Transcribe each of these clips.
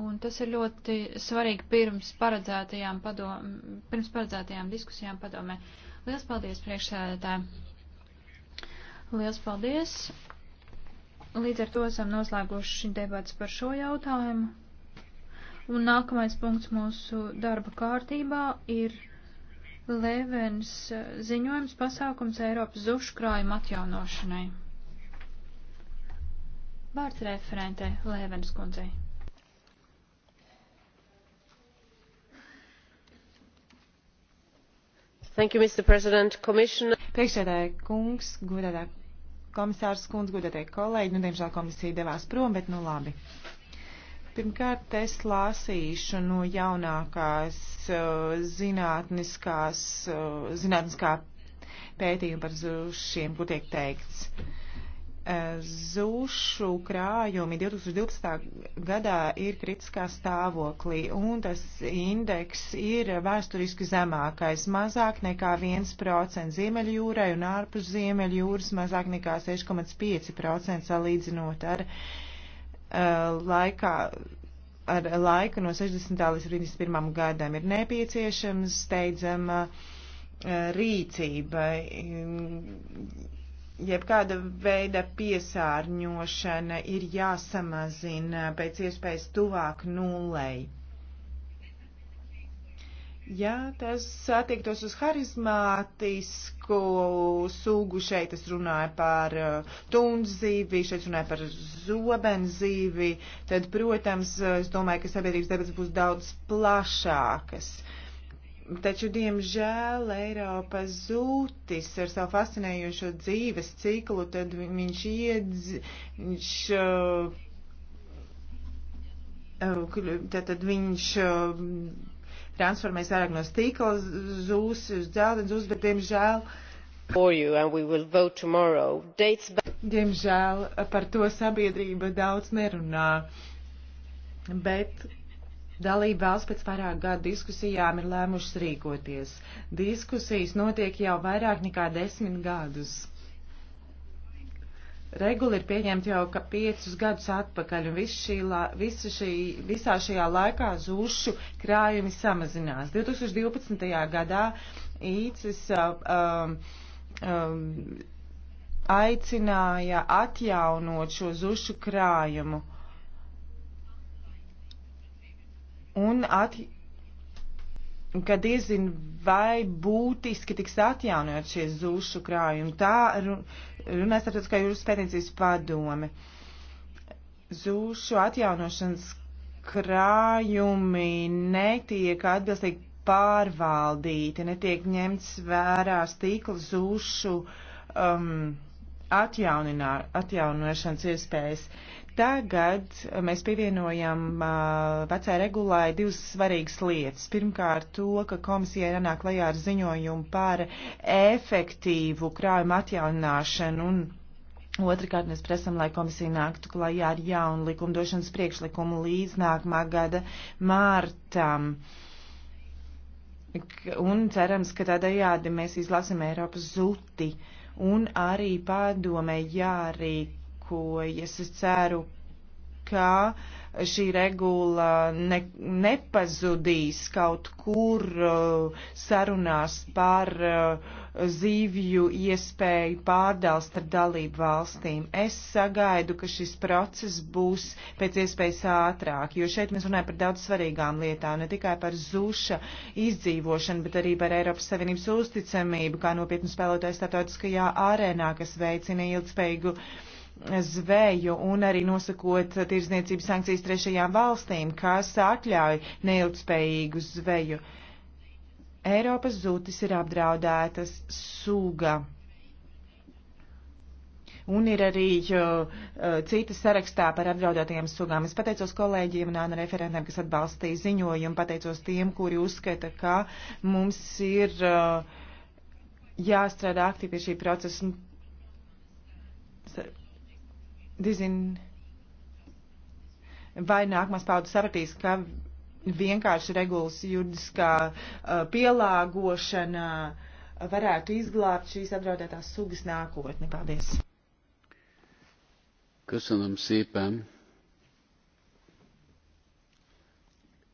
Un tas ir ļoti svarīgi pirms paredzētajām, padom, pirms paredzētajām diskusijām padomē. Lielas paldies priekšsēdētāji. Lielas paldies. Līdz ar to esam noslēguši debats par šo jautājumu. Un nākamais punkts mūsu darba kārtībā ir Levens ziņojums pasākums Eiropas zuškrājuma atjaunošanai. Vārds referentē Levens kundzei. priekšsēdētāja kungs, godātā komisārs kundze, godātie kolēģi, nu, diemžēl komisija devās prom, bet nu labi. Pirmkārt, es lasīšu no jaunākās uh, zinātniskās, uh, zinātniskā pētījuma par šiem, ko tiek teikts. Uh, Eh, Zūšu krājumi 2012. gadā ir kritiskā stāvoklī, un tas indeks ir vēsturiski zemākais - mazāk nekā 1% Ziemeļjūrai un ārpus Ziemeļjūras - mazāk nekā 6,5% salīdzinot ar, uh, laikā, ar laiku no 60. līdz 71. gadam. Ir nepieciešams steidzama uh, rīcība. Um, jebkāda veida piesārņošana ir jāsamazina pēc iespējas tuvāk nulei. Jā, tas attiektos uz harizmātisku sugu. Šeit es runāju par uh, tunzīvi, šeit runāju par zobenzīvi. Tad, protams, es domāju, ka sabiedrības debats būs daudz plašākas. Uh, Taču, diemžēl, Eiropa zūtis ar savu fascinējošo dzīves ciklu, tad viņš iedz, viņš, uh, tad viņš uh, transformēs vairāk no stīkla zūs uz dzeltenu zūs, bet, diemžēl, diemžēl par to sabiedrība daudz nerunā. Bet Dalībās pēc vairāk gadu diskusijām ir lēmušas rīkoties. Diskusijas notiek jau vairāk nekā desmit gadus. Regula ir pieņemta jau ka piecus gadus atpakaļ, un visu šī, visu šī, visā šajā laikā zūšu krājumi samazinās. 2012. gadā īcis uh, um, um, aicināja atjaunot šo zušu krājumu un at, ka diezin vai būtiski tiks atjaunot šie zūšu krājumi. Tā runā starptautiskā jūras pētniecības padome. Zūšu atjaunošanas krājumi netiek atbilstīgi pārvaldīti, netiek ņemts vērā stīkla zūšu um, atjaunošanas iespējas. Uh, Tagad mēs pievienojam uh, vecai regulai divas svarīgas lietas. Pirmkārt, to, ka komisija nāk lajā ar ziņojumu par efektīvu krājumu atjaunināšanu un Otrakārt, mēs prasām, lai komisija nāktu klajā ar jaunu likumdošanas priekšlikumu līdz nākamā gada mārtam. Un cerams, ka tādējādi mēs izlasim Eiropas zuti. Un arī padomē jārīk rīkojas. Es ceru, ka šī regula ne, nepazudīs kaut kur uh, sarunās par uh, zīvju iespēju pārdals starp dalību valstīm. Es sagaidu, ka šis process būs pēc iespējas ātrāk, jo šeit mēs runājam par daudz svarīgām lietām, ne tikai par zuša izdzīvošanu, bet arī par Eiropas Savienības uzticamību, kā nopietnu spēlētāju starptautiskajā arēnā, kas veicina ilgspējīgu uh, zveju un arī nosakot tirzniecības sankcijas trešajām valstīm, kas atļauj neilgtspējīgu zveju. Eiropas zūtis ir apdraudētas suga. Un ir arī uh, citas sarakstā par apdraudētajām sugām. Es pateicos kolēģiem un Āna referentiem, kas atbalstīja ziņojumu, pateicos tiem, kuri uzskata, ka mums ir uh, jāstrādā aktīvi pie šī procesa Dizin, vai nākamās paudas sapratīs, ka vienkārši regulas juridiskā uh, pielāgošana varētu izglābt šīs apdraudētās sugas nākotni. Paldies! Köszönöm szépen!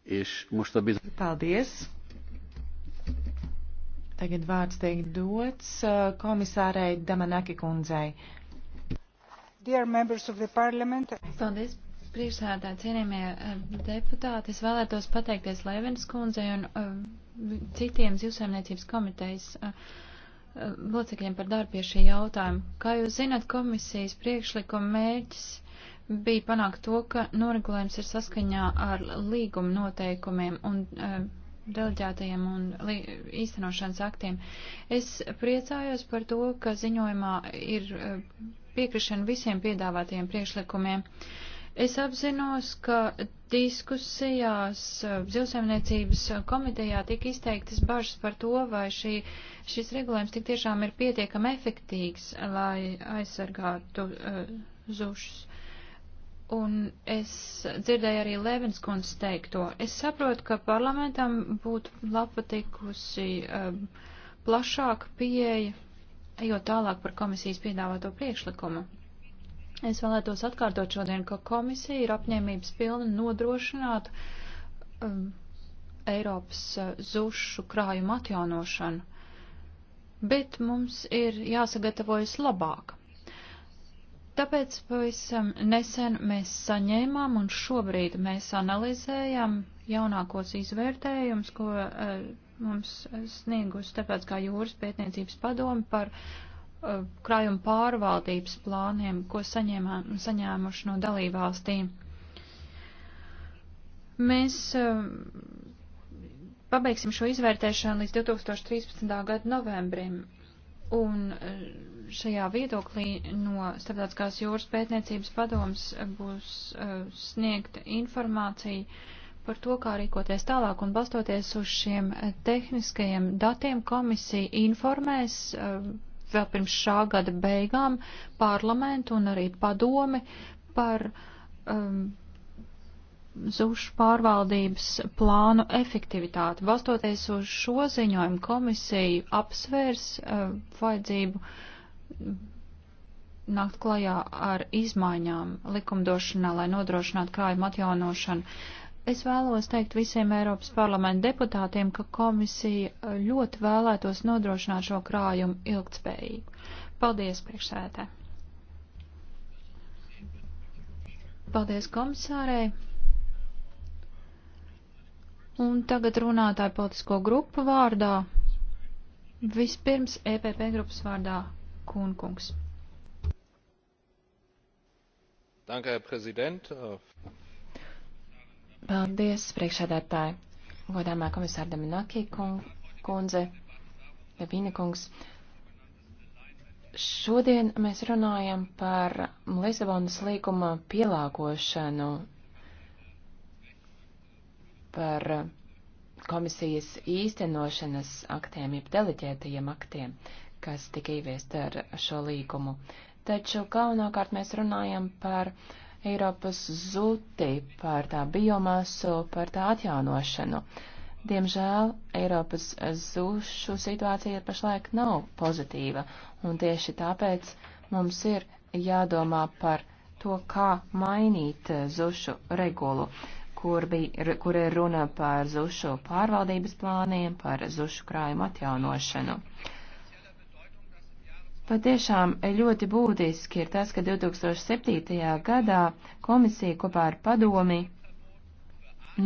És most a bizony... Paldies! Tagad vārds teikt dots komisārai Damanaki kundzei. Paldies, priekšsēdētāji, cienījamie eh, deputāti. Es vēlētos pateikties Levenas kundzei un uh, citiem zivsaimniecības komitejas uh, locekļiem par darbu pie šī jautājuma. Kā jūs zināt, komisijas priekšlikuma mērķis bija panākt to, ka noregulējums ir saskaņā ar līguma noteikumiem un uh, deleģētajiem un īstenošanas aktiem. Es priecājos par to, ka ziņojumā ir. Uh, piekrišanu visiem piedāvātajiem priekšlikumiem. Es apzinos, ka diskusijās eh, zilsaimniecības komitejā tika izteiktas bažas par to, vai šī, šis regulējums tik tiešām ir pietiekami efektīgs, lai aizsargātu uh, zušus. Un es dzirdēju arī Levenskundas teikto. Es saprotu, ka parlamentam būtu labpatikusi uh, plašāka pieeja Ejot tālāk par komisijas piedāvāto priekšlikumu, es vēlētos atkārtot šodien, ka komisija ir apņēmības pilna nodrošināt um, Eiropas uh, zušu krājumu atjaunošanu, bet mums ir jāsagatavojas labāk. Tāpēc pavisam nesen mēs saņēmām un šobrīd mēs analizējam jaunākos izvērtējumus, ko uh, mums sniegus tāpēc kā jūras pētniecības padomi par uh, krājuma pārvaldības plāniem, ko saņēmā, saņēmuši no dalībvalstīm. Mēs uh, pabeigsim šo izvērtēšanu līdz 2013. gada novembrim. Un uh, šajā viedoklī no Starptautiskās jūras pētniecības padomas uh, būs uh, sniegta informācija uh, par to, kā rīkoties tālāk un balstoties uz šiem eh, tehniskajiem datiem, komisija informēs eh, vēl pirms šā gada beigām parlamentu un arī padomi par um, ehm, zušu pārvaldības plānu efektivitāti. Balstoties uz šo ziņojumu komisija apsvērs uh, vajadzību mm, nākt klajā ar izmaiņām likumdošanā, lai nodrošinātu krājumu atjaunošanu. Uh, Es vēlos teikt visiem Eiropas parlamenta deputātiem, ka komisija ļoti vēlētos nodrošināt šo krājumu ilgtspējību. Paldies, priekšsētē. Paldies komisārei. Un tagad runātāju politisko grupu vārdā. Vispirms EPP grupas vārdā Kūnkungs. Danke, Herr Präsident. Paldies, priekšādātāji. Godāmā komisāra Daminaki kundze, Devīna kungs. Šodien mēs runājam par Lisabonas līguma pielāgošanu, par komisijas īstenošanas aktiem, jeb deleģētajiem aktiem, kas tika ieviest ar šo līgumu. Taču galvenokārt mēs runājam par uh, Eiropas zuti, par tā biomasu, par tā atjaunošanu. Diemžēl Eiropas zušu situācija pašlaik nav pozitīva, un tieši tāpēc mums ir jādomā par to, kā mainīt zušu regulu, kur, bija, kur ir runa par zušu pārvaldības plāniem, par zušu krājumu atjaunošanu. Uh, Patiešām ļoti būtiski ir tas, ka 2007. gadā komisija kopā ar padomi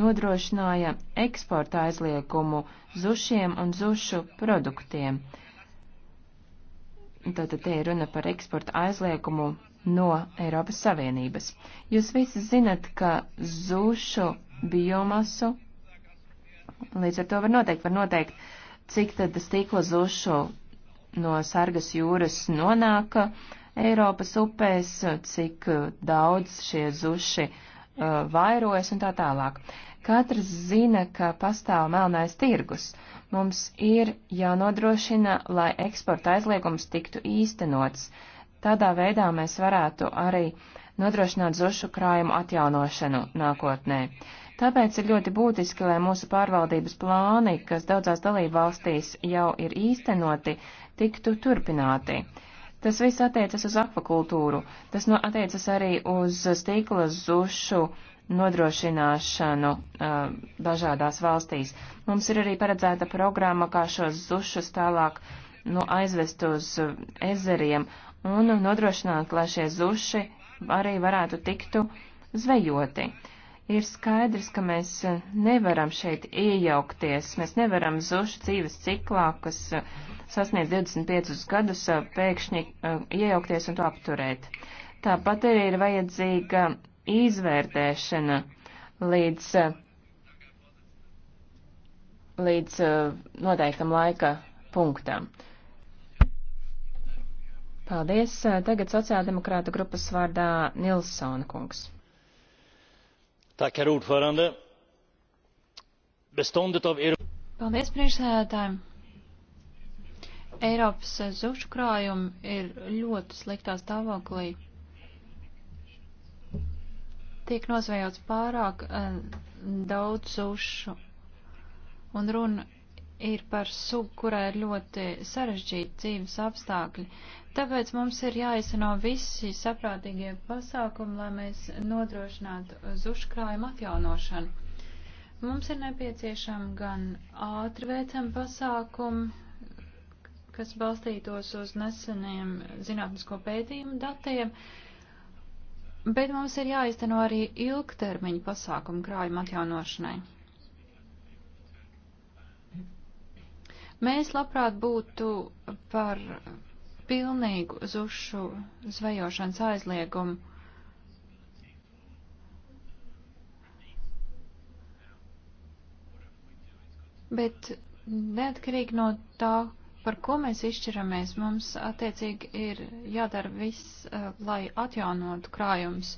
nodrošināja eksporta aizliegumu zušiem un zušu produktiem. Tātad te ir runa par eksporta aizliegumu no Eiropas Savienības. Jūs visi zinat, ka zušu biomasu, līdz ar to var noteikt, var noteikt, cik tad stikla zušu no Sargas jūras nonāk Eiropas upēs, cik daudz šie zuši uh, vairojas un tā tālāk. Katrs zina, ka pastāv melnais tirgus. Mums ir jānodrošina, lai eksporta aizliegums tiktu īstenots. Tādā veidā mēs varētu arī nodrošināt zušu krājumu atjaunošanu nākotnē. Tāpēc ir ļoti būtiski, lai mūsu pārvaldības plāni, kas daudzās dalībvalstīs jau ir īstenoti, tiktu turpināti. Tas viss attiecas uz akvakultūru, tas no, attiecas arī uz stīkla zušu nodrošināšanu uh, dažādās valstīs. Mums ir arī paredzēta programma, kā šos zušus tālāk nu, aizvest uz ezeriem un nodrošināt, lai šie zuši arī varētu tiktu zvejoti. Ir skaidrs, ka mēs eh, nevaram šeit iejaukties, mēs nevaram zušu dzīves ciklā, kas eh, sasniedz 25 gadus, eh, pēkšņi iejaukties un to apturēt. Tāpat arī ir vajadzīga izvērtēšana līdz, līdz noteiktam laika punktam. Paldies. Tagad sociāldemokrāta grupas vārdā Nilsona kungs. Paldies priekšsēdētājiem! Eiropas zukšu krājumi ir ļoti sliktā stāvoklī. Tiek nozvejots pārāk uh, daudz zušu. Un runa ir par sugu, kurai ir ļoti sarežģīti dzīves apstākļi. Tāpēc mums ir jāizsano visi saprātīgie pasākumi, lai mēs nodrošinātu zuškrājumu atjaunošanu. Mums ir nepieciešama gan ātri veicama pasākuma, kas balstītos uz neseniem zinātnisko pētījumu datiem, bet mums ir jāizteno arī ilgtermiņa pasākumu krājuma atjaunošanai. Mēs labprāt būtu par pilnīgu zušu zvejošanas aizliegumu. Bet neatkarīgi no tā, par ko mēs izšķiramies, mums attiecīgi ir jādara viss, eh, lai atjaunotu krājumus.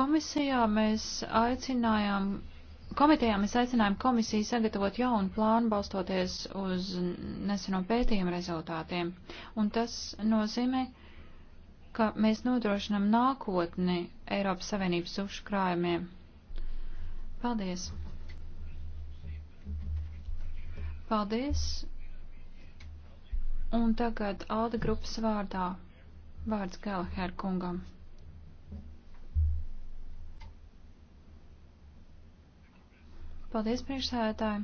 Komisijā mēs aicinājām Komitejā mēs aicinājām komisiju sagatavot jaunu plānu balstoties uz neseno pētījumu rezultātiem, un tas nozīmē, ka mēs nodrošinam nākotni Eiropas Savienības uzkrājumiem. Paldies! Paldies! Un tagad Alda grupas vārdā vārds Galaher kungam. Paldies, priekšsēdētāji!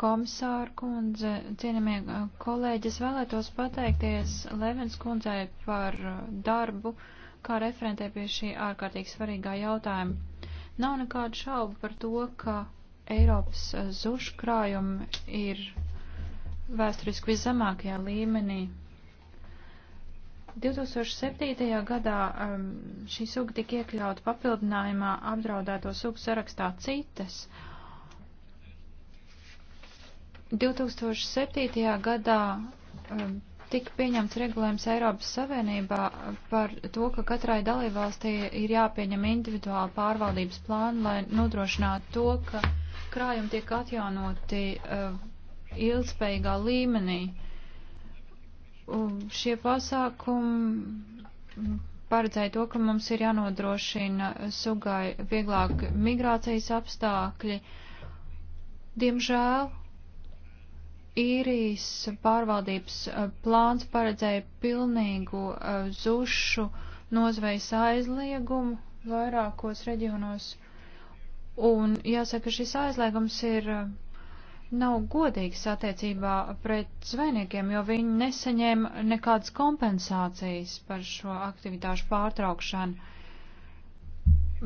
Komisāra kundze, cienījamie uh, kolēģi, es vēlētos pateikties Levens kundzei par uh, darbu, kā referentē pie šī ārkārtīgi svarīgā jautājuma. Nav nekādu šaubu par to, ka Eiropas uh, zuškrājumi ir vēsturiski viszemākajā līmenī 2007. gadā um, šī suga tika iekļauta papildinājumā apdraudēto sugu sarakstā citas. 2007. gadā um, tika pieņemts regulējums Eiropas Savienībā par to, ka katrai dalībvalstī ir jāpieņem individuāli pārvaldības plāni, lai nodrošinātu to, ka krājumi tiek atjaunoti uh, ilgspējīgā līmenī. Šie pasākumi paredzēja to, ka mums ir jānodrošina sugai vieglāk migrācijas apstākļi. Diemžēl īrijas pārvaldības eh, plāns paredzēja pilnīgu eh, zušu nozvejas aizliegumu vairākos reģionos. Un jāsaka, šis aizliegums ir eh, nav godīgs attiecībā pret zvejniekiem, jo viņi nesaņēma nekādas kompensācijas par šo aktivitāšu pārtraukšanu.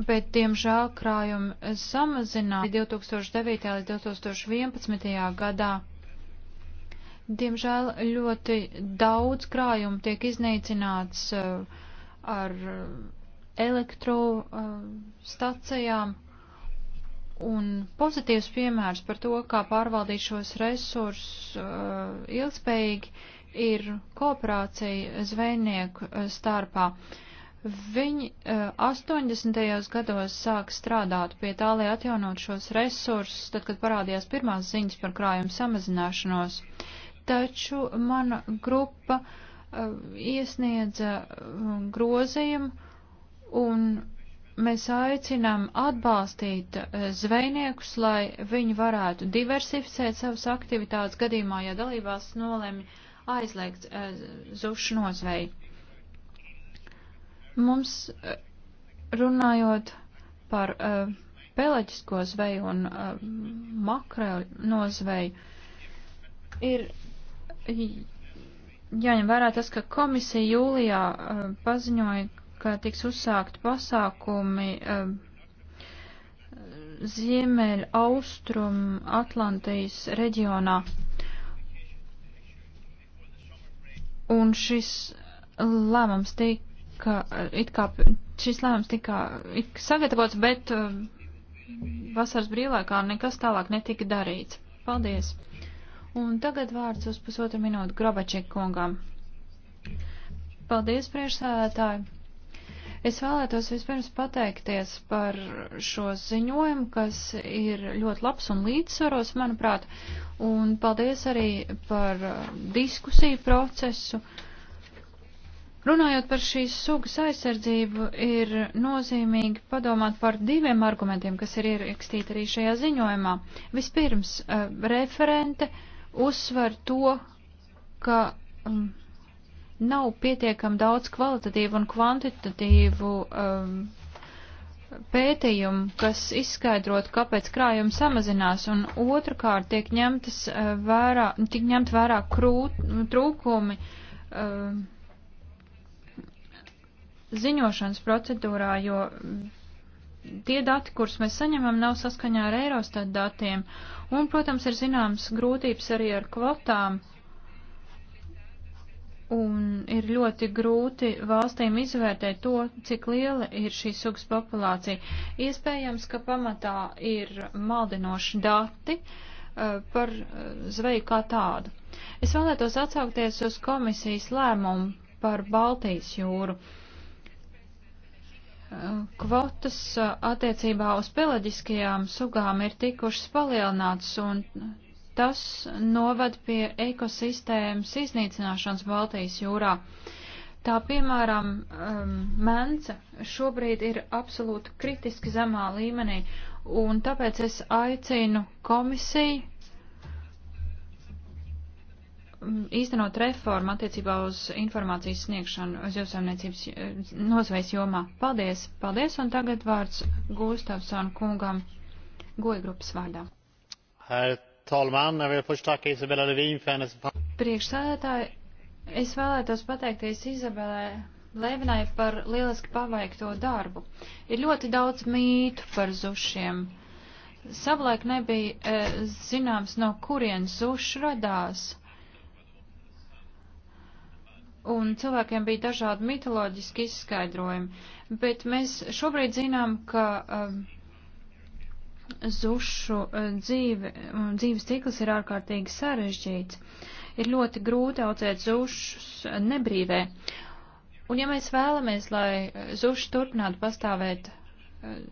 Bet, diemžēl, krājumi samazinās 2009. līdz 2011. gadā. Diemžēl ļoti daudz krājumu tiek iznīcināts uh, ar uh, elektrostacijām. Uh, Un pozitīvs piemērs par to, kā pārvaldīt šos resursus uh, ilgspējīgi, ir kooperācija zvejnieku uh, starpā. Viņi uh, 80. gados sāk strādāt pie tā, lai atjaunot šos resursus, tad, kad parādījās pirmās ziņas par krājumu samazināšanos. Taču mana grupa uh, iesniedza uh, grozījumu un mēs aicinām atbalstīt eh, zvejniekus, lai viņi varētu diversificēt savas aktivitātes gadījumā, ja dalībās nolemj aizliegt eh, zušu nozveju. Mums eh, runājot par peleģisko zveju un makreļu nozveju, ir jāņem vērā tas, ka komisija jūlijā paziņoja, ka tiks uzsākt pasākumi eh, Ziemeļa austrum Atlantijas reģionā. Un šis lēmums tika, eh, it kā, šis lēmums tika it sagatavots, bet eh, vasaras brīvlaikā nekas tālāk netika darīts. Paldies! Un tagad vārds uz pusotru minūtu Grabačeku kungam. Paldies, priekšsēdētāji! Es vēlētos vispirms pateikties par šo ziņojumu, kas ir ļoti labs un līdzsvaros, manuprāt, un paldies arī par uh, diskusiju procesu. Runājot par šīs sugas aizsardzību, ir nozīmīgi padomāt par diviem argumentiem, kas ir ierakstīti arī šajā ziņojumā. Vispirms, uh, referente uzsver to, ka um, nav pietiekam daudz kvalitatīvu un kvantitatīvu um, pētījumu, kas izskaidrot, kāpēc krājumi samazinās, un otrkārt tiek ņemtas uh, vērā, tiek ņemt vērā krūt, trūkumi uh, ziņošanas procedūrā, jo tie dati, kurus mēs saņemam, nav saskaņā ar Eirostat datiem, un, protams, ir zināms grūtības arī ar kvotām. Uh, Un ir ļoti grūti valstīm izvērtēt to, cik liela ir šī sugas populācija. Iespējams, ka pamatā ir maldinoši dati uh, par eh, zveju kā tādu. Es vēlētos atsaukties uz komisijas lēmumu par Baltijas jūru. Uh, kvotas attiecībā uz pelaģiskajām sugām ir tikušas palielinātas un tas novad pie ekosistēmas iznīcināšanas Baltijas jūrā. Tā piemēram, um, mence šobrīd ir absolūti kritiski zemā līmenī, un tāpēc es aicinu komisiju um, īstenot reformu attiecībā uz informācijas sniegšanu uz jūsēmniecības eh, nozvejas jomā. Paldies, paldies, un tagad vārds Gustavsona kungam goja grupas vārdā. Herr Priekšsēdētāji, es vēlētos pateikties Izabelē Levinai par lieliski paveikto darbu. Ir ļoti daudz mītu par zušiem. Savlaik nebija e, zināms, no kurien zuši radās. Un cilvēkiem bija dažādi mitoloģiski izskaidrojumi, bet mēs šobrīd zinām, ka. E, zušu eh, dzīve, mm, dzīves cikls ir ārkārtīgi sarežģīts. Ir ļoti grūti audzēt zušus nebrīvē. Un ja mēs vēlamies, lai eh, zuši turpinātu pastāvēt, eh,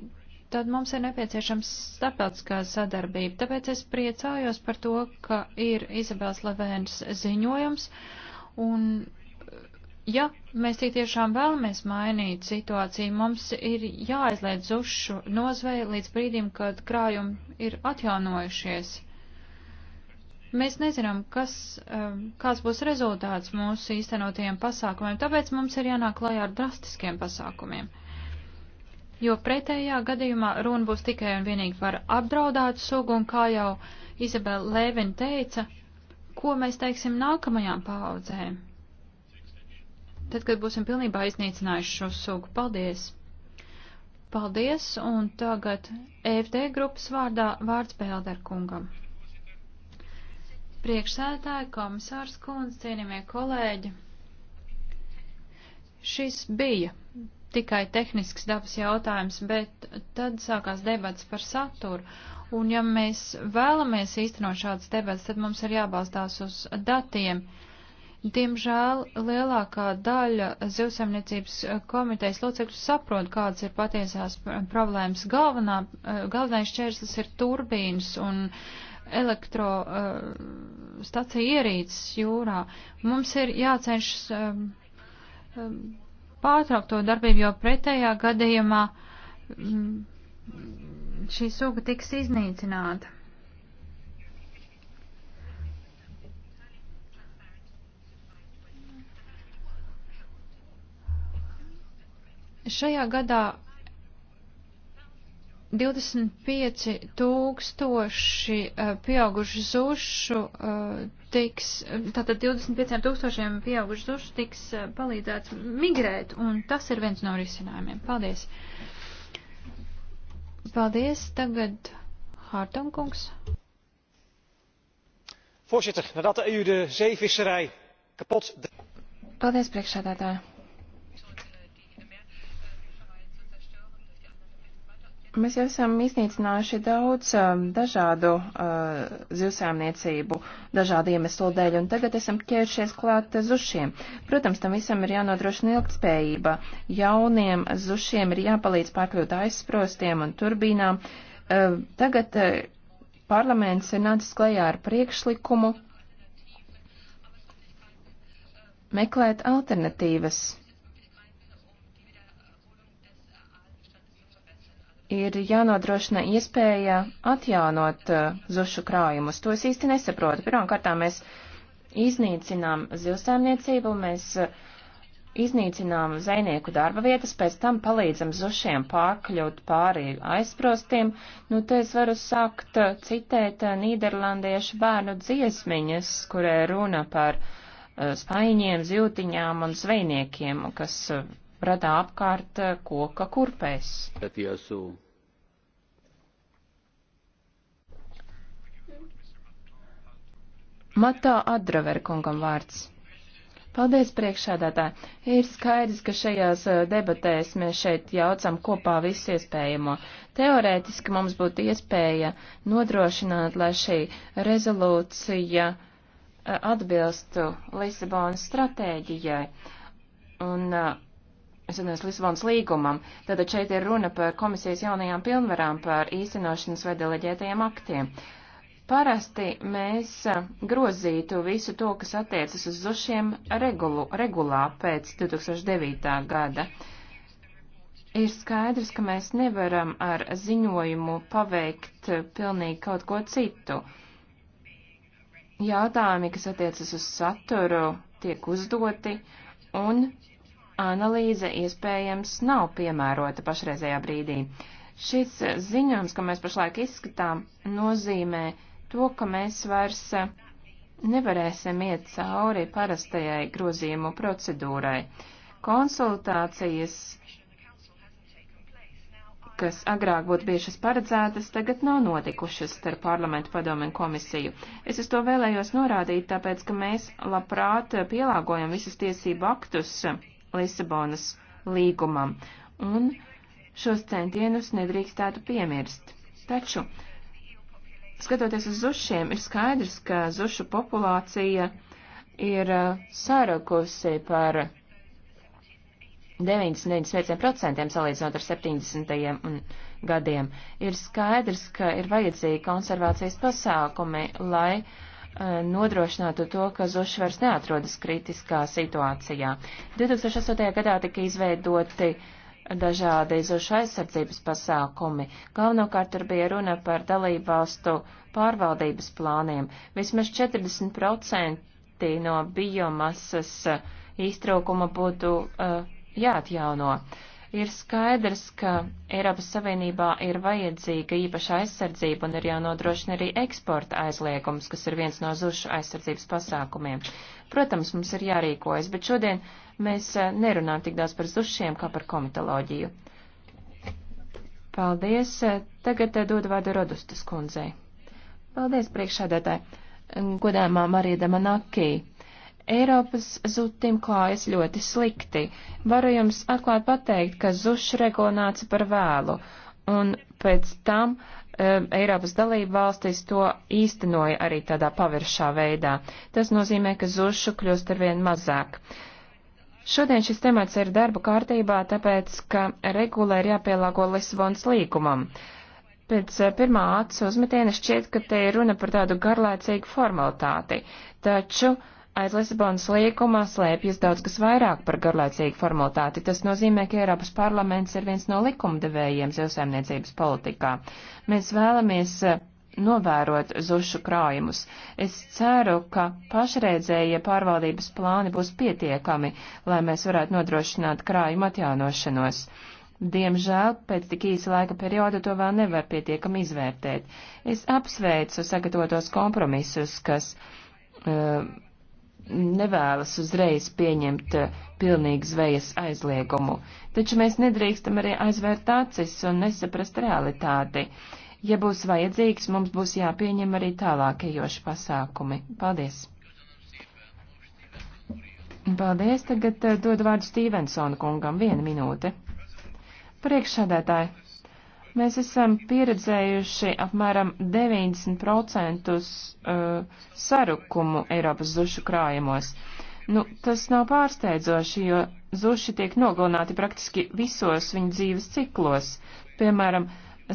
tad mums ir nepieciešams starptautiskā sadarbība. Tāpēc es priecājos par to, ka ir Izabels Levēns ziņojums. Un Ja mēs tik tiešām vēlamies mainīt situāciju, mums ir jāaizliedz zušu nozveja līdz brīdim, kad krājumi ir atjaunojušies. Mēs nezinām, kas, um, kāds būs rezultāts mūsu īstenotajiem pasākumiem, tāpēc mums ir jānāk klajā ar drastiskiem pasākumiem. Jo pretējā gadījumā runa būs tikai un vienīgi par apdraudātu sugu, un kā jau Izabela Lēvina teica, ko mēs teiksim nākamajām paudzēm tad, kad būsim pilnībā iznīcinājuši šo sugu. Paldies! Paldies, un tagad EFD grupas vārdā vārds Bēlderkungam. Priekšsētāji, komisārs kundze, cienījamie kolēģi, šis bija tikai tehnisks dabas jautājums, bet tad sākās debats par saturu. Un ja mēs vēlamies īstenot šādas debats, tad mums ir jābalstās uz datiem. Uh, Diemžēl lielākā daļa zivsaimniecības eh, komitejas locekļu saprot, kādas ir patiesās problēmas. Galvenā, eh, galvenais čērslis ir turbīnas un elektrostacija eh, ierīces jūrā. Mums ir jācenšas pārtraukt to darbību, jo pretējā gadījumā mm, šī suga tiks iznīcināta. Šajā gadā 25 tūkstoši eh, pieaugušu zušu eh, tiks, tātad 25 tūkstošiem pieaugušu zušu tiks eh, palīdzēts migrēt, un tas ir viens no risinājumiem. Paldies! Paldies! Tagad Hārtonkungs. Voorzitter, nadat de EU de zeevisserij kapot. Paldies, priekšsēdētāji. Mēs jau esam iznīcinājuši daudz um, dažādu uh, zivsēmniecību, dažādu iemeslu dēļ, un tagad esam ķēršies klāt zušiem. Protams, tam visam ir jānodrošina ilgtspējība. Jauniem zušiem ir jāpalīdz pārkļūt aizsprostiem un turbīnām. Uh, tagad uh, parlaments ir nācis klajā ar priekšlikumu meklēt alternatīvas ir jānodrošina iespēja atjaunot uh, zušu krājumus. To es īsti nesaprotu. Pirmkārt, mēs iznīcinām zivsēmniecību, mēs uh, iznīcinām zvejnieku darba vietas, pēc tam palīdzam zušiem pārkļūt pāri aizprostiem. Nu, te es varu sākt uh, citēt uh, nīderlandiešu bērnu dziesmiņas, kurē runa par uh, spaiņiem, zīltiņām un zvejniekiem, kas uh, radā apkārt eh, koka kurpēs. Matā Adraverkungam vārds. Paldies, priekšādātāji. Ir skaidrs, ka šajās eh, debatēs mēs šeit jaucam kopā visu iespējamo. Teorētiski mums būtu iespēja nodrošināt, lai šī rezolūcija eh, atbilstu Lisabonas stratēģijai un es atceros Lisbonas līgumam. Tātad šeit ir runa par komisijas jaunajām pilnvarām par īstenošanas vai deleģētajiem aktiem. Parasti mēs grozītu visu to, kas attiecas uz zušiem regulu, regulā pēc 2009. gada. Ir skaidrs, ka mēs nevaram ar ziņojumu paveikt pilnīgi kaut ko citu. Jautājumi, kas attiecas uz saturu, tiek uzdoti, un analīze iespējams nav piemērota pašreizējā brīdī. Šis ziņojums, ko mēs pašlaik izskatām, nozīmē to, ka mēs vairs eh, nevarēsim iet cauri parastajai grozījumu procedūrai. Konsultācijas, kas agrāk būtu bijušas paredzētas, tagad nav notikušas starp parlamentu padomu un komisiju. Es uz to vēlējos norādīt, tāpēc, ka mēs labprāt pielāgojam visus tiesību aktus Lisabonas līgumam, un šos centienus nedrīkstētu piemirst. Taču, skatoties uz zušiem, ir skaidrs, ka zušu populācija ir uh, sārakusi par 90-95% salīdzinot ar 70. gadiem. Ir skaidrs, ka ir vajadzīgi konservācijas pasākumi, lai uh, Eh, nodrošinātu to, ka Zušs vairs neatrodas kritiskā situācijā. 2008. gadā tika izveidoti dažādi Zuša aizsardzības pasākumi. Galvenokārt tur bija runa par dalību valstu pārvaldības plāniem. Vismaz 40% no biomasas iztraukuma būtu uh, jāatjauno. Uh, Ir skaidrs, ka Eiropas Savienībā ir vajadzīga īpaša aizsardzība un ir jānodrošina arī eksporta aizliegums, kas ir viens no zušu aizsardzības pasākumiem. Protams, mums ir jārīkojas, bet šodien mēs eh, nerunājam tik daudz par zušiem kā par komitoloģiju. Paldies. Tagad eh, dodu vārdu Rodustas kundzei. Paldies, priekšādētāji. Godāmā Marija Damanakī. Eiropas zutim klājas ļoti slikti. Varu jums atklāt pateikt, ka zušu regula nāca par vēlu, un pēc tam um, Eiropas dalība valstis to īstenoja arī tādā paviršā veidā. Tas nozīmē, ka zušu kļūst arvien mazāk. Šodien šis temats ir darba kārtībā, tāpēc, ka regula ir jāpielāgo Lisbonas līgumam. Pēc eh, pirmā acu uzmetiena šķiet, ka te ir runa par tādu garlaicīgu formalitāti, taču uh, aiz Lisabonas līguma slēpjas daudz kas vairāk par garlaicīgu formalitāti. Tas nozīmē, ka Eiropas parlaments ir viens no likumdevējiem zilsēmniecības politikā. Mēs vēlamies eh, novērot zušu krājumus. Es ceru, ka pašreizējie pārvaldības plāni būs pietiekami, lai mēs varētu nodrošināt krājumu atjaunošanos. Diemžēl pēc tik īsa laika perioda to vēl nevar pietiekami izvērtēt. Es apsveicu sagatavotos kompromisus, kas uh, nevēlas uzreiz pieņemt eh, pilnīgu zvejas aizliegumu, taču mēs nedrīkstam arī aizvērt acis un nesaprast realitāti. Ja būs vajadzīgs, mums būs jāpieņem arī tālākajoši pasākumi. Paldies! Paldies, tagad eh, dod vārdu Stevensona kungam viena minūte. Priekšsādētāji! Mēs esam pieredzējuši apmēram 90% uh, sarukumu Eiropas zušu krājumos. Nu, tas nav pārsteidzoši, jo zuši tiek nogalināti praktiski visos viņa dzīves ciklos. Piemēram,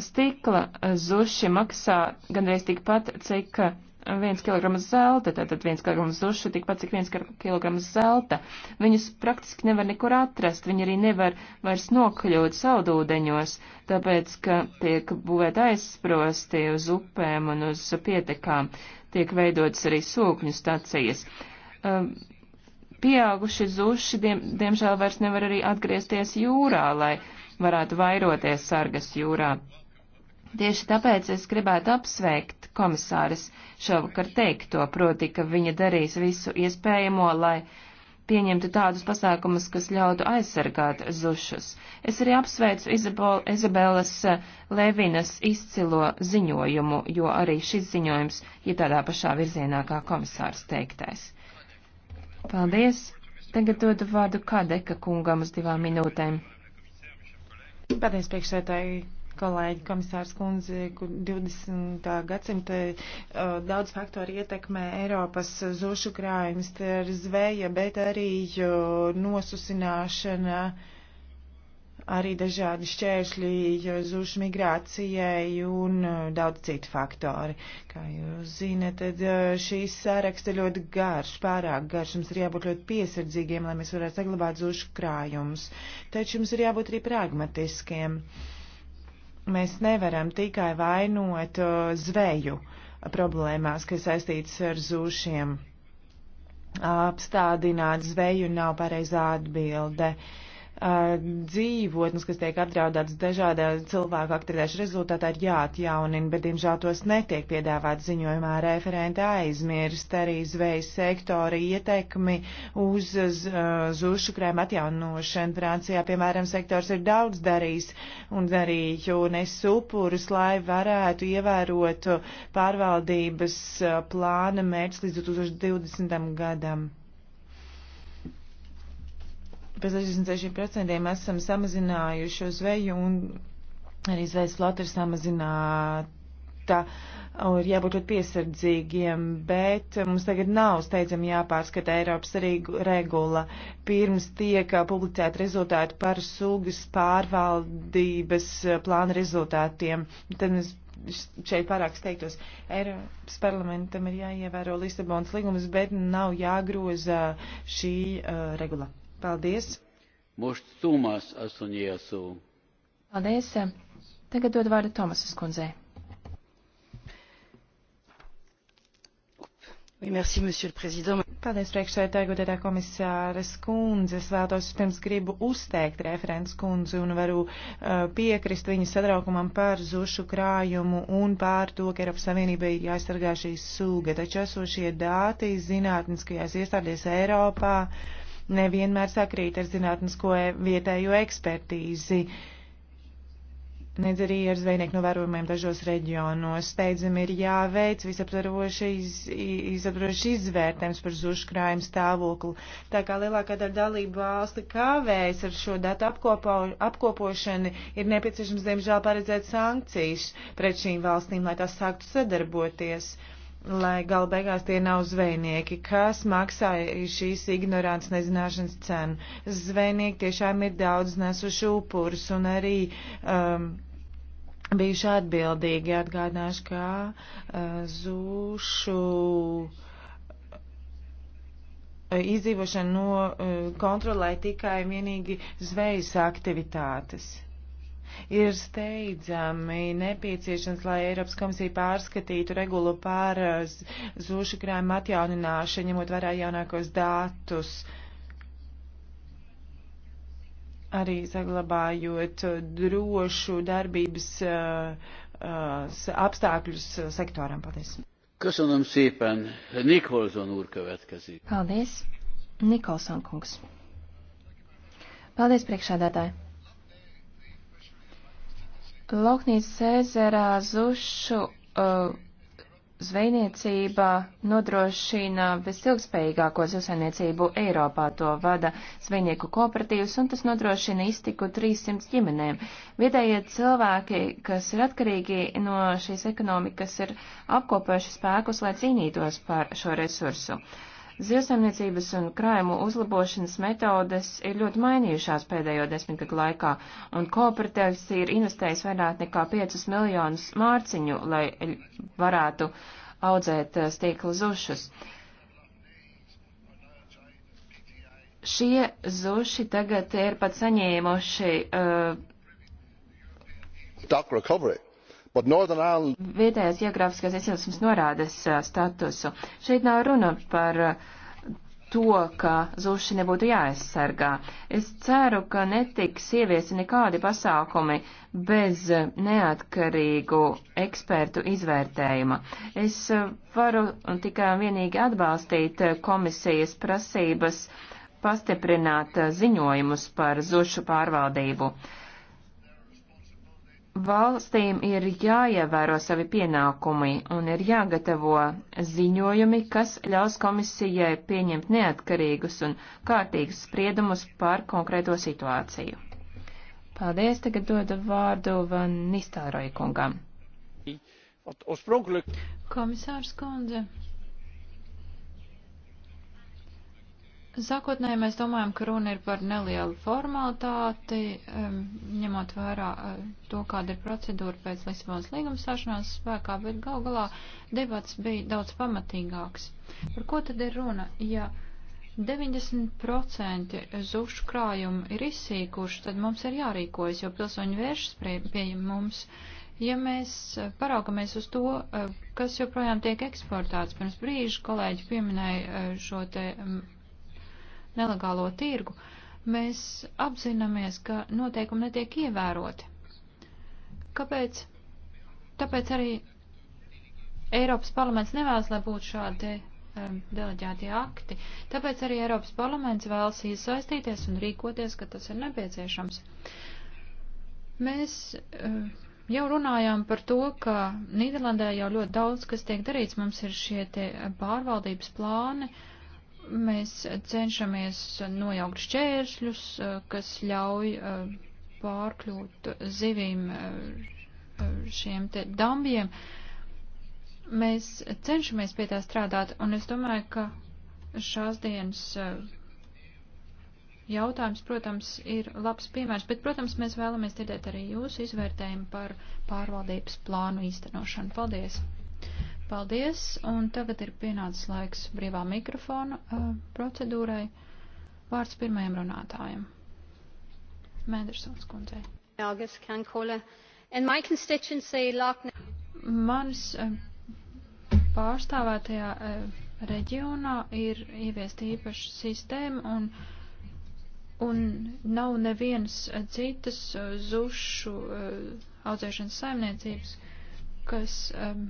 stikla uh, zuši maksā gandrīz tikpat, cik uh, viens kilograms zelta, tātad viens kilograms duša tikpat, cik viens kilograms zelta. Viņus praktiski nevar nekur atrast, viņi arī nevar vairs nokļūt saudūdeņos, tāpēc, ka tiek būvēt aizsprosti uz upēm un uz pietekām, tiek veidotas arī sūkņu stacijas. Um, pieauguši zuši, diem, diemžēl, vairs nevar arī atgriezties jūrā, lai varētu vairoties sargas jūrā. Tieši tāpēc es gribētu apsveikt komisāres šovakar teikto, proti, ka viņa darīs visu iespējamo, lai pieņemtu tādus pasākumus, kas ļautu aizsargāt zušus. Es arī apsveicu Izabelas eh, Levinas izcilo ziņojumu, jo arī šis ziņojums ir tādā pašā virzienā kā komisārs teiktais. Paldies! Tagad dodu vārdu Kadeka kungam uz divām minūtēm. Paldies, priekšsētāji! kolēģi, komisārs kundze, 20. gadsimta daudz faktori ietekmē Eiropas zošu krājumus, tie ir zveja, bet arī nosusināšana, arī dažādi šķēršļi zušu migrācijai un daudz citu faktori. Kā jūs zinat, tad šīs saraksts ir ļoti garš, pārāk garš, mums ir jābūt ļoti piesardzīgiem, lai mēs varētu saglabāt zušu krājumus, taču mums ir jābūt arī pragmatiskiem. Uh, Mēs nevaram tikai vainot uh, zveju problēmās, kas saistītas ar zūšiem. Apstādināt zveju nav pareizā atbilde. Uh, dzīvotnes, kas tiek apdraudētas dažādā cilvēku aktivitāšu rezultātā, ir jāatjaunina, bet, diemžēl, tos netiek piedāvāt ziņojumā. Referenta aizmirst arī zvejas sektora ietekmi uz zušu krēmu atjaunošanu. Francijā, piemēram, sektors ir daudz darījis un darīju nesupurus, lai varētu ievērot pārvaldības plāna mērķis līdz 2020. gadam par 66% esam samazinājuši zveju un arī zvejas flota ir samazināta. Ir jābūt ļoti piesardzīgiem, bet mums tagad nav steidzami jāpārskata Eiropas regula. Pirms tiek publicēta rezultāti par sugas pārvaldības plāna rezultātiem, tad mēs šeit pārāk steigtos. Eiropas parlamentam ir jāievēro Lisabonas līgums, bet nav jāgroza šī uh, regula. Paldies! Most Tomas asszonyé a szó. Paldies! Tagad dod vārdu Tomasas kundzei. Paldies, priekšsēdētāji, godētā komisāres kundze. Es vēlos pirms gribu uzteikt referents kundzi un varu uh, piekrist viņas sadraukumam par zušu krājumu un par to, ka Eiropas Savienība ir jāizsargā šī sūga. Taču esošie dāti zinātniskajās iestādēs Eiropā. Uh, nevienmēr sakrīt ar zinātnisko e, vietējo ekspertīzi nedz arī ar zvejnieku novērojumiem dažos reģionos. Steidzami ir jāveic visaptvarošais iz, izvērtējums par zuškrājumu stāvokli. Tā kā lielākā daļa dalību valsti kavējas ar šo datu apkopo, apkopošanu, ir nepieciešams, diemžēl, paredzēt sankcijas pret šīm valstīm, lai tās sāktu sadarboties. Uh, lai gala beigās tie nav zvejnieki, kas maksāja šīs ignorants nezināšanas cenu. Zvejnieki tiešām ir daudz nesuši upurus un arī um, bijuši atbildīgi. Atgādināšu, kā uh, zūšu uh, izdzīvošana no, uh, kontrolē tikai vienīgi zvejas aktivitātes ir steidzami nepieciešams, lai Eiropas komisija pārskatītu regulu par eh, zūšu krājumu atjaunināšanu, ņemot vērā jaunākos datus. Arī saglabājot drošu darbības uh, uh, apstākļus sektoram. Paldies. Köszönöm szépen. Nikolson úr következik. Paldies. Nikolson kungs. Paldies, priekšādātāji. Loknīcas ezerā zušu uh, zvejniecība nodrošina visilgspējīgāko zivsainiecību Eiropā. To vada zvejnieku kooperatīvas un tas nodrošina iztiku 300 ģimenēm. Viedējie cilvēki, kas ir atkarīgi no šīs ekonomikas, ir apkopojuši spēkus, lai cīnītos par šo resursu. Uh, Zivsaimniecības un krājumu uzlabošanas metodes ir ļoti mainījušās pēdējo desmitgadu laikā, un kooperatīvs ir investējis vairāk nekā 5 miljonus mārciņu, lai varētu audzēt eh, stīkla zušus. Šie zuši tagad ir pat saņēmuši. Uh, eh, Dock recovery Ireland... Vietējais geogrāfiskais izcelsmes norādes statusu. Šeit nav runa par to, ka zūšana būtu jāaizsargā. Es ceru, ka netiks ieviesi nekādi pasākumi bez neatkarīgu ekspertu izvērtējuma. Es varu tikai vienīgi atbalstīt komisijas prasības pastiprināt ziņojumus par zušu pārvaldību. Uh, Valstīm ir jāievēro savi pienākumi un ir jāgatavo ziņojumi, kas ļaus komisijai pieņemt neatkarīgus un kārtīgus spriedumus par konkrēto situāciju. Paldies, tagad dodu vārdu Van Nistāroja kungam. Komisārs Kondze, Sākotnēji mēs domājam, ka runa ir par nelielu formalitāti, um, ņemot vērā uh, to, kāda ir procedūra pēc Lisabonas līguma sāšanās spēkā, bet gal galā debats bija daudz pamatīgāks. Par ko tad ir runa? Ja 90% zušu krājumu ir izsīkuši, tad mums ir jārīkojas, jo pilsoņi vēršas pie, pie mums. Ja mēs e, paraugamies uz to, e, kas joprojām tiek eksportēts, pirms brīža kolēģi pieminēja šo te nelegālo tirgu, mēs apzināmies, ka noteikumi netiek ievēroti. Kāpēc? Tāpēc arī Eiropas parlaments nevēlas, lai būtu šādi um, deleģētie akti. Tāpēc arī Eiropas parlaments vēlas iesaistīties un rīkoties, ka tas ir nepieciešams. Mēs um, jau runājām par to, ka Nīderlandē jau ļoti daudz, kas tiek darīts. Mums ir šie uh, pārvaldības plāni, uh, Mēs cenšamies nojaukt šķēršļus, eh, kas ļauj eh, pārkļūt zivīm eh, šiem te dambiem. Mēs cenšamies pie tā strādāt, un es domāju, ka šās dienas jautājums, protams, ir labs piemērs, bet, protams, mēs vēlamies dzirdēt arī jūsu izvērtējumu par pārvaldības plānu īstenošanu. Paldies! Paldies, un tagad ir pienācis laiks brīvā mikrofona uh, procedūrai. Vārds pirmajam runātājam. Mēdersons kundzei. Manas uh, pārstāvētajā uh, reģionā ir ieviest īpaša sistēma un, un nav nevienas uh, citas uh, zušu uh, audzēšanas saimniecības, kas um,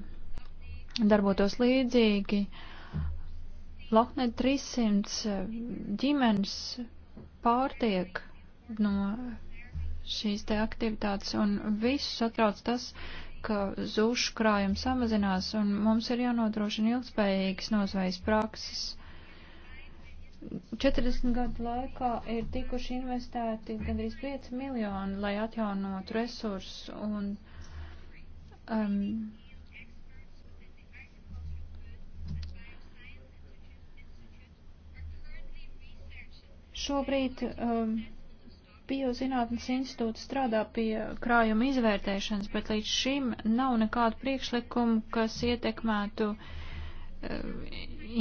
darbotos līdzīgi. Loknet 300 eh, ģimenes pārtiek no šīs te aktivitātes un visus atrauc tas, ka zūšu krājums samazinās un mums ir jānodrošina ilgspējīgas nozvejas prakses. 40 gadu laikā ir tikuši investēti gandrīz 5 miljoni, lai atjaunotu resursus un um, Šobrīd um, Biozinātnes institūts strādā pie krājuma izvērtēšanas, bet līdz šim nav nekādu priekšlikumu, kas ietekmētu um,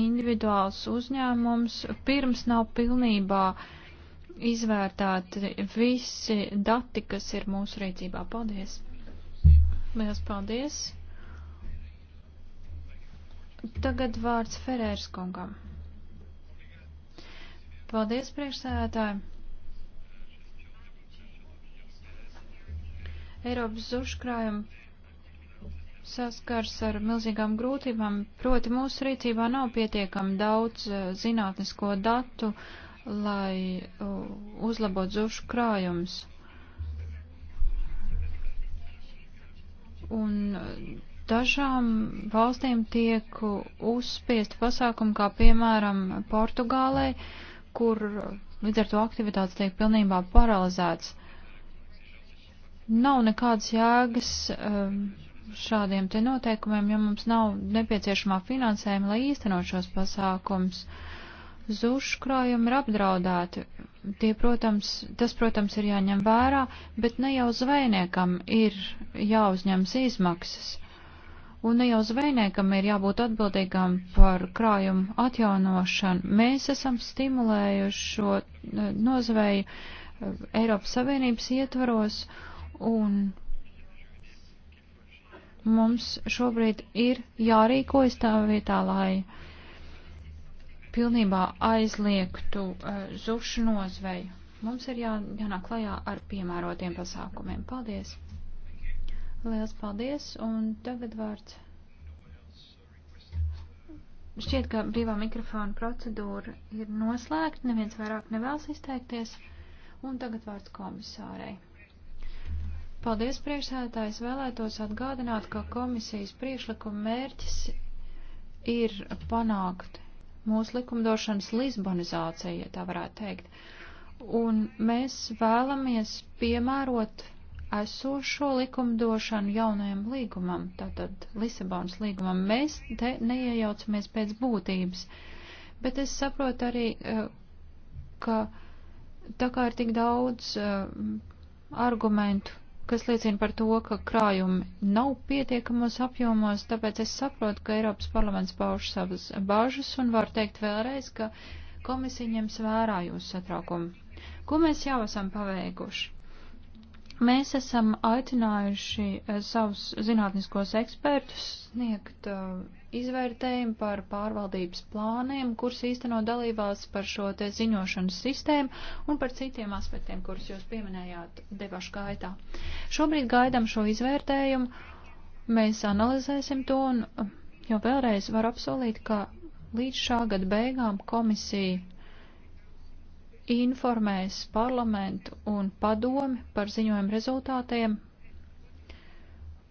individuāls uzņēmums. Pirms nav pilnībā izvērtēti visi dati, kas ir mūsu rīcībā. Paldies! Liels paldies! Tagad vārds Ferērs kungam. Paldies, priekšsēdētāji! Eiropas uzkrājumi saskars ar milzīgām grūtībām, proti mūsu rīcībā nav pietiekami daudz eh, zinātnisko datu, lai uzlabotu zušu krājumus. Un eh, dažām valstīm tiek uzspiest pasākumu, kā piemēram Portugālei, uh, kur līdz ar to aktivitātes tiek pilnībā paralizētas. Nav nekādas jēgas um, šādiem te noteikumiem, ja mums nav nepieciešamā finansējuma, lai īstenot šos pasākums. Zušu krājumi ir apdraudēti. Tie, protams, tas, protams, ir jāņem vērā, bet ne jau zvejniekam ir jāuzņems izmaksas. Un ne jau zvejniekam ir jābūt atbildīgam par krājumu atjaunošanu. Mēs esam stimulējuši šo eh, nozveju eh, Eiropas Savienības ietvaros, un mums šobrīd ir jārīkojas tā vietā, lai pilnībā aizliegtu uh, zušu nozveju. Mums ir jā, jānāk klajā ar piemērotiem pasākumiem. Paldies! Liels paldies, un tagad vārds. Šķiet, ka brīvā mikrofona procedūra ir noslēgta, neviens vairāk nevēlas izteikties, un tagad vārds komisārei. Paldies, priekšsēdētājs, vēlētos atgādināt, ka komisijas priekšlikuma mērķis ir panākt mūsu likumdošanas lisbonizāciju, ja tā varētu teikt. Un mēs vēlamies piemērot esošo likumdošanu jaunajam līgumam, tātad Lisabonas līgumam. Mēs te neiejaucamies pēc būtības, bet es saprotu arī, eh, ka tā kā ir tik daudz eh, argumentu, kas liecina par to, ka krājumi nav pietiekamos apjomos, tāpēc es saprotu, ka Eiropas parlaments pauž savas bažas un var teikt vēlreiz, ka komisija ņems vērā jūsu satraukumu. Ko mēs jau esam paveikuši? Mēs esam aicinājuši eh, savus zinātniskos ekspertus sniegt eh, izvērtējumu par pārvaldības plāniem, kurus īsteno dalībās par šo te ziņošanas sistēmu un par citiem aspektiem, kurus jūs pieminējāt debašu gaitā. Šobrīd gaidām šo izvērtējumu, mēs analizēsim to un eh, jau vēlreiz varu apsolīt, ka līdz šā gada beigām komisija informēs parlamentu un padomi par ziņojumu rezultātiem,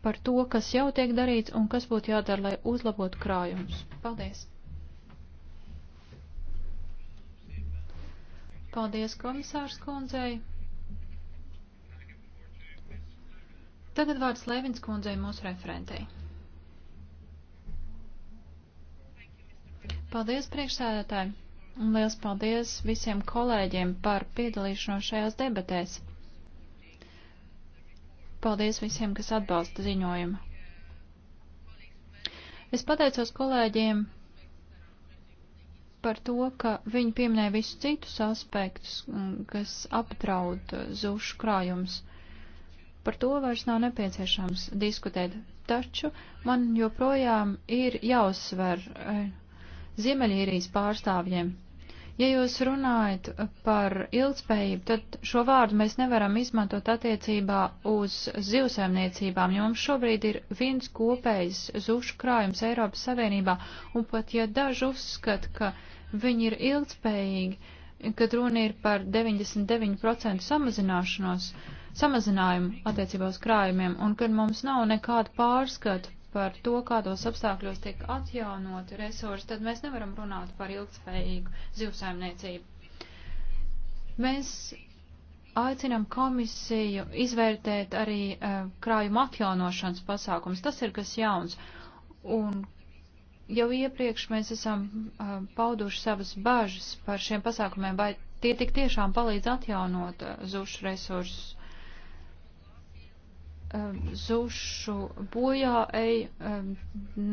par to, kas jau tiek darīts un kas būtu jādara, lai uzlabotu krājumus. Paldies! Paldies komisārs kundzei. Tagad vārds Levins kundzei mūsu referentei. Paldies priekšsēdētāji. Un liels paldies visiem kolēģiem par piedalīšanos šajās debatēs. Paldies visiem, kas atbalsta ziņojumu. Es pateicos kolēģiem par to, ka viņi pieminēja visus citus aspektus, kas apdraud zušu krājums. Par to vairs nav nepieciešams diskutēt, taču man joprojām ir jāuzsver eh, Ziemeļīrijas pārstāvjiem, Ja jūs runājat par ilgspējību, tad šo vārdu mēs nevaram izmantot attiecībā uz zivsaimniecībām, jo mums šobrīd ir viens kopējs zušu krājums Eiropas Savienībā, un pat ja daži uzskat, ka viņi ir ilgspējīgi, kad runa ir par 99% samazināšanos, samazinājumu attiecībā uz krājumiem, un kad mums nav nekādu pārskatu par to, kādos apstākļos tiek atjaunoti resursi, tad mēs nevaram runāt par ilgspējīgu zivsaimniecību. Mēs aicinam komisiju izvērtēt arī uh, krājuma atjaunošanas pasākums. Tas ir kas jauns. Un jau iepriekš mēs esam uh, pauduši savas bažas par šiem pasākumiem, vai tie tik tiešām palīdz atjaunot uh, eh, zušu resursus. Um, zušu bojā ej um,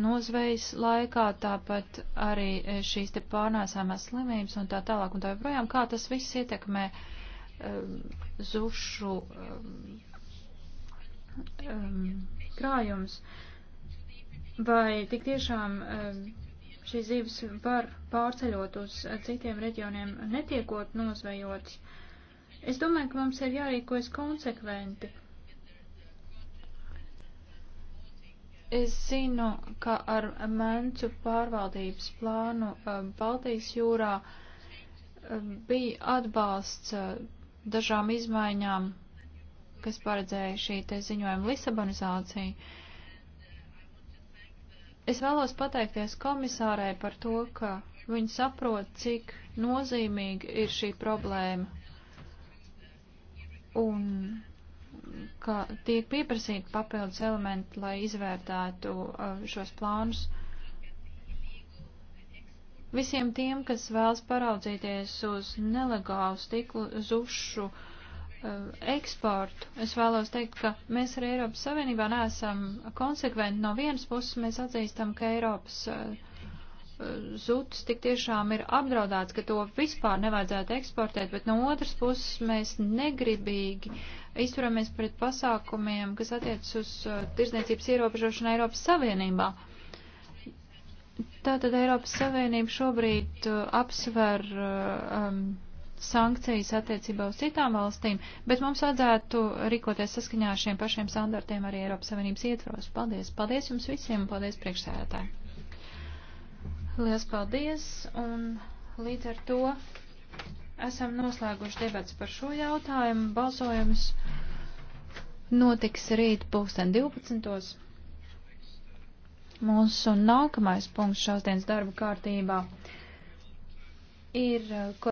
nozvejas laikā, tāpat arī e, šīs te pārnēsāmās slimības un tā tālāk un tā joprojām, kā tas viss ietekmē um, zušu krājums. Vai tik tiešām šīs zīves var pārceļot uz citiem reģioniem, netiekot nozvejots? Es domāju, ka mums ir jārīkojas konsekventi. Es zinu, ka ar Mencu pārvaldības plānu eh, Baltijas jūrā eh, bija atbalsts eh, dažām izmaiņām, kas paredzēja šī te ziņojuma Lisabonizāciju. Es vēlos pateikties komisārai par to, ka viņi saprot, cik nozīmīga ir šī problēma. Un ka tiek pieprasīti papildus elementi, lai izvērtētu uh, šos plānus. Visiem tiem, kas vēlas paraudzīties uz nelegālu stiklu zušu uh, eksportu, es vēlos teikt, ka mēs arī Eiropas Savienībā neesam konsekventi. No vienas puses mēs atzīstam, ka Eiropas uh, zuds tik tiešām ir apdraudēts, ka to vispār nevajadzētu eksportēt, bet no otras puses mēs negribīgi izturamies pret pasākumiem, kas attiecas uz uh, tirzniecības ierobežošanu Eiropas Savienībā. Tātad Eiropas Savienība šobrīd uh, apsver uh, um, sankcijas attiecībā uz citām valstīm, bet mums vajadzētu rīkoties saskaņā ar šiem pašiem standartiem arī Eiropas Savienības ietvaros. Paldies! Paldies jums visiem! Paldies priekšsēdētāji! Lielas paldies, un līdz ar to esam noslēguši debats par šo jautājumu. Balsojums notiks rīt pulksten 12. Mūsu nākamais punkts šās dienas darba kārtībā ir.